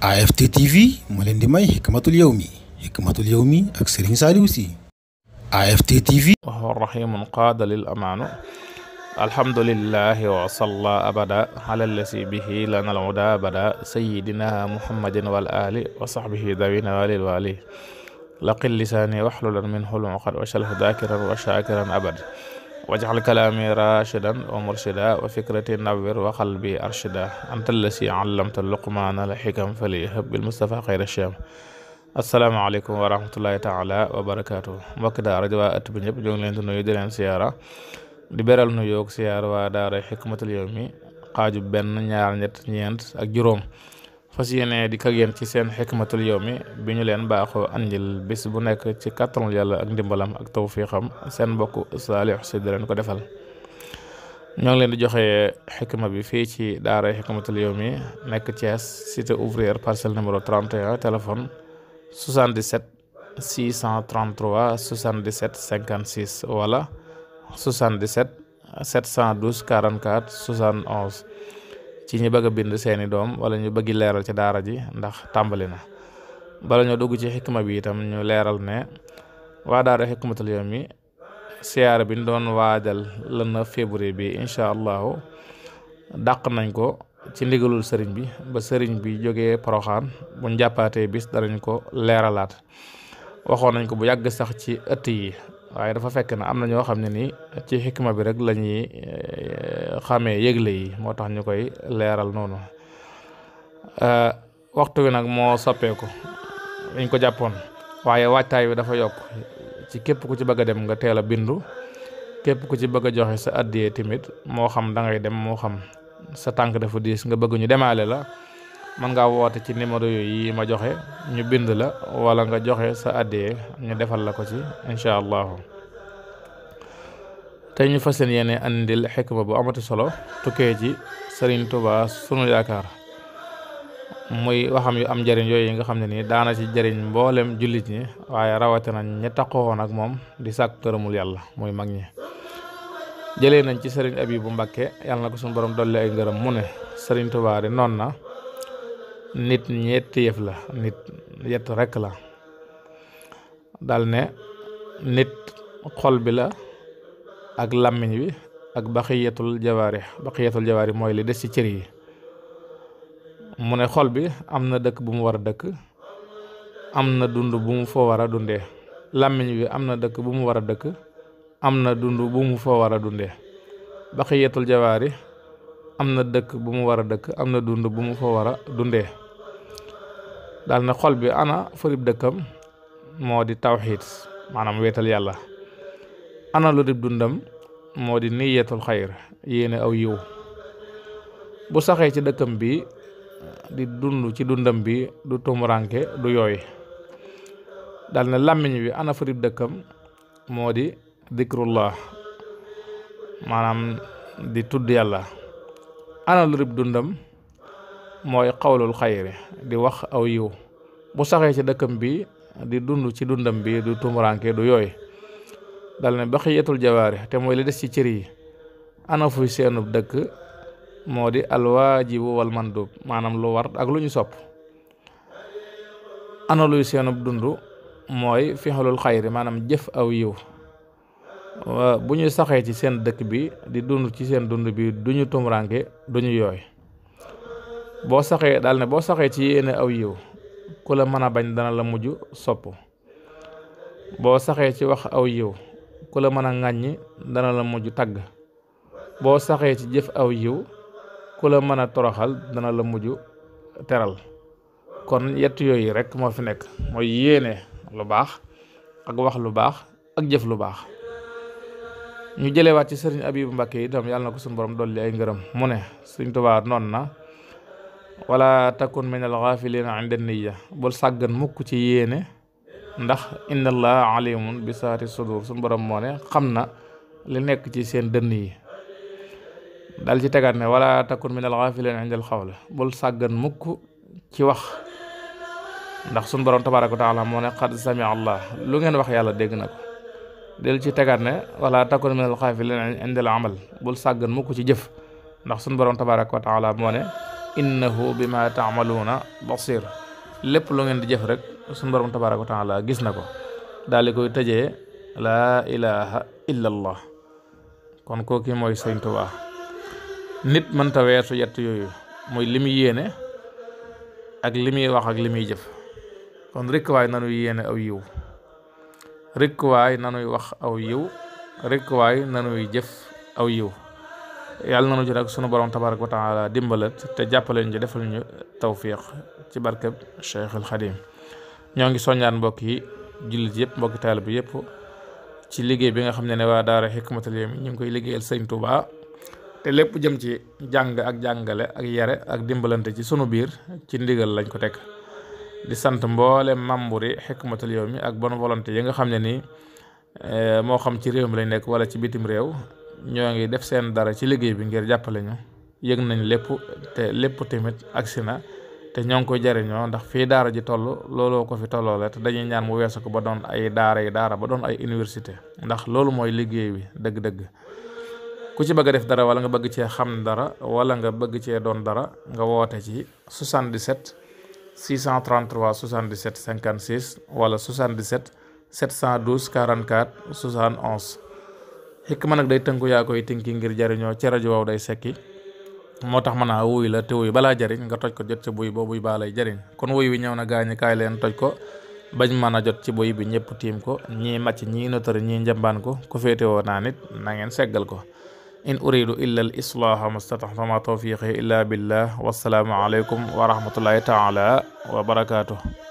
AFT TV moo leen di may xikmatul yawmi xikmatul yawmi ak Serigne Saliou Sy AFT TV rahimun qaada lil amaanu alhamdulillahi wa salla abada ala allasi bihi lana alhuda abada sayidina muhammadin wal ali wa sahbihi dawina walil wali laqil lisaani waxlulan min hulun qad washal dakiran wa shakiran abad waj'al kalaami rashidan wa murshida wa fikrati nawwir wa qalbi arshida anta allasi allamta luqmaana al xikam faliyahab bil mustafa xayra sham asalaamaaleykum wa rahmatullahi taala wa barakaatu mbokki daara ji waa at bi ñëpp ñu ngi leen di nuyu di di beral nu yoog siyaara waa daara xikmatul yawmi xaaju benn ñaar ñett ñeent ak juróom fas yéene di ko yéen ci seen xikmatul mi bi ñu leen baaxoo andil bis bu nekk ci kàttanul yàlla ak ndimbalam ak fiixam seen mbokk Saliou Sy di leen ko defal ñoo ngi leen di joxe xikma bi fii ci daara xikmatul mi nekk Thiès cité ouvrière parcelle numéro 31 téléphone 77 633 77 56 wala 77 712 44 71 ci ñu bëgg a bind seeni doom wala ñu bëggi leeral ci daara ji ndax tàmbali na bala ñoo dugg ci xikma bi itam ñu leeral ne waa daara xikmatul yawmi siyaara bi ñu doon waajal le 9 février bi incha allahu dàq nañ ko ci ndigalul sëriñ bi ba sëriñ bi jóge Poroxaan buñ jàppaatee bis danañ ko leeralaat waxoon nañ ko bu yàgg sax ci ëtt yi waaye dafa fekk na am na ñoo xam ne nii ci xikma bi rek lañuy ñuy eh, xamee yëgle yi moo tax ñu koy leeral noonu eh, waxtu wi nag moo soppeeku dañ ko jàppoon waaye waajtaay bi dafa yokk ci képp ku ci bëgg a dem nga teel a bindu képp ku ci bëgg a joxe sa addiyee tamit moo xam da dem moo xam sa tànk dafa diis nga bëgg ñu demaale la man ngaa woote ci numéro yooyu yi ma joxe ñu bind la wala nga joxe sa àddee ñu defal la ko ci incha allahu te ñu fas leen yéene andil xikma bu amati solo tukkee ci sëriñ Touba sunu yaakaar muy waxam yu am njariñ yooyu yi nga xam ne nii daana ci jëriñ mboolem jullit ñi waaye rawatina ñi taxawoon ak moom di sàkk këramul yàlla muy mag ñi. jëlee nañ ci Serigne bu Mbacke yàlla na ko suñu borom dolli ay ngërëm mu ne Serigne Touba de noon na. nit ñetti yëf la nit yett rekk la dal ne nit xol bi la ak làmmiñ wi ak baqiyatul jawaari baqiyatul jawaari mooy li des ci cër yi mu ne xol bi am na dëkk bu mu war a dëkk am na dund bu mu foo war a dundee làmmiñ wi am na dëkk bu mu war a dëkk am na dund bu mu foo war a dundee baqiyatul jawaari am na dëkk bu mu war a dëkk am na dund bu mu fa war a dundee dal na xol bi ana furib dëkkam moo di tawxiid maanaam weetal yàlla ana lu dundam moo di niyatul xayr yéene aw yiw bu saxee ci dëkkam bi di dund ci dundam bi du tumuranke du yooy dal na làmmiñ wi ana furib dëkkam moo di dikrullah maanaam di tudd yàlla anal rib dundam mooy xawlul xayri di wax aw yiw bu saxee ci dëkkam bi di dund ci dundam bi du tumuraanke du yooy dal ne ba xiyatul jawaari te mooy li des ci cër yi ana fuy seenub dëkk moo di alwaajibu wal mandub maanaam lu war ak lu ñu sopp ana luy seenub dund mooy fixalul xayri maanaam jëf aw yiw waa bu ñu saxee ci seen dëkk bi di dund ci seen dund bi duñu ñu tumuraanke du yooy boo saxee dal ne boo saxee ci yéene aw yiw ku la mën a bañ dana la mujj sopp boo saxee ci wax aw yiw ku la mën a ŋàññi dana la mujj tagg boo saxee ci jëf aw yiw ku la mën a toroxal dana la mujj teral kon yett yi rekk moo fi nekk mooy yéene lu baax ak wax lu baax ak jëf lu baax ñu jëlewaat ci sëriñ Abibu Mbàkke itam yàlla na ko suñu borom dolli ay ngërëm mu ne suñ Tuubaa noon na wala takun min al ghafilina inda niyya bul sàggan mukk ci yéene ndax inna allaha alimun bi suñu borom moo ne xam na li nekk ci seen dënn yi dal ci tegaat ne wala takun min al ghafilina inda al xawla bul sàggan mukk ci wax ndax suñu borom tabaraka wa taala moo ne qad sami allah lu ngeen wax yàlla dégg nag del ci tegaat ne wala takun minal xaafiliin indal amal bul sàggan mukk ci jëf ndax suñu borom tabaaraka wa taala moo ne innahu bima taamaluuna basir lépp lu ngeen di jëf rek suñu borom tabaaraka wa taala gis na ko daal di koy tëjee laa ilaha illa kon kooki mooy sëñ Tuubaa nit mënta weesu yett yooyu mooy li muy yéene ak li muy wax ak li muy jëf kon rek waay nanu yéene aw yiw rëkk waay nanuy wax aw yiw rëkk waay nanuy jëf aw yiw yàlla nanu ci ak sunu borom tabarak wa taala dimbalat te jàppaleen ci defal ñu tawfiq ci barkeb Cheikhul Xadim ñoo ngi soññaan mbokk yi jullit yëpp mbokki taalibe bi yëpp ci liggéey bi nga xam ne ne waa daara Hikmatul Yawmi ñu ngi koy liggéeyal Sëñ Tuubaa te lépp jëm ci jàng ak jàngale ak yare ak dimbalante ci sunu biir ci ndigal lañ ko teg di sant mboolem membre yi Hikmatul mi ak bonne volonté yi nga xam ne nii eh, moo xam ci réew mi lañ nekk wala ci bitim réew ñoo ngi def seen dara ci liggéey bi ngir jàppale ñu yëg nañ lépp te lépp tamit agsi na te ñoo ngi koy jariñoo ndax fii daara ji toll looloo ko fi tolloole te dañuy ñaan mu weesu ko ba doon ay daara yi daara ba doon ay université ndax loolu mooy liggéey bi dëgg-dëgg ku ci bëgg a def dara wala nga bëgg cee xam dara wala nga bëgg cee doon dara nga woote ci 77 633 77 56 wala 77 712 44 71 ma nag day tënku yaa koy tinki ngir jariñoo ci rajo waaw day sekki moo tax mën naa wuy la te wuy balaa jariñ nga toj ko jot ci buy boo buy baa lay jariñ kon wuy wi ñëw na gaañi kaay leen toj ko bañ mën na jot ci buy bi ñëpp tiim ko ñii màcc ñii notari ñii njambaan ko ku féete naa nit nangeen ngeen seggal ko in uridu illa al islaaha mastataxta ma tawfiqi illa billah wassalaamu aleykum wa rahmatullahi taala wa barakaatuh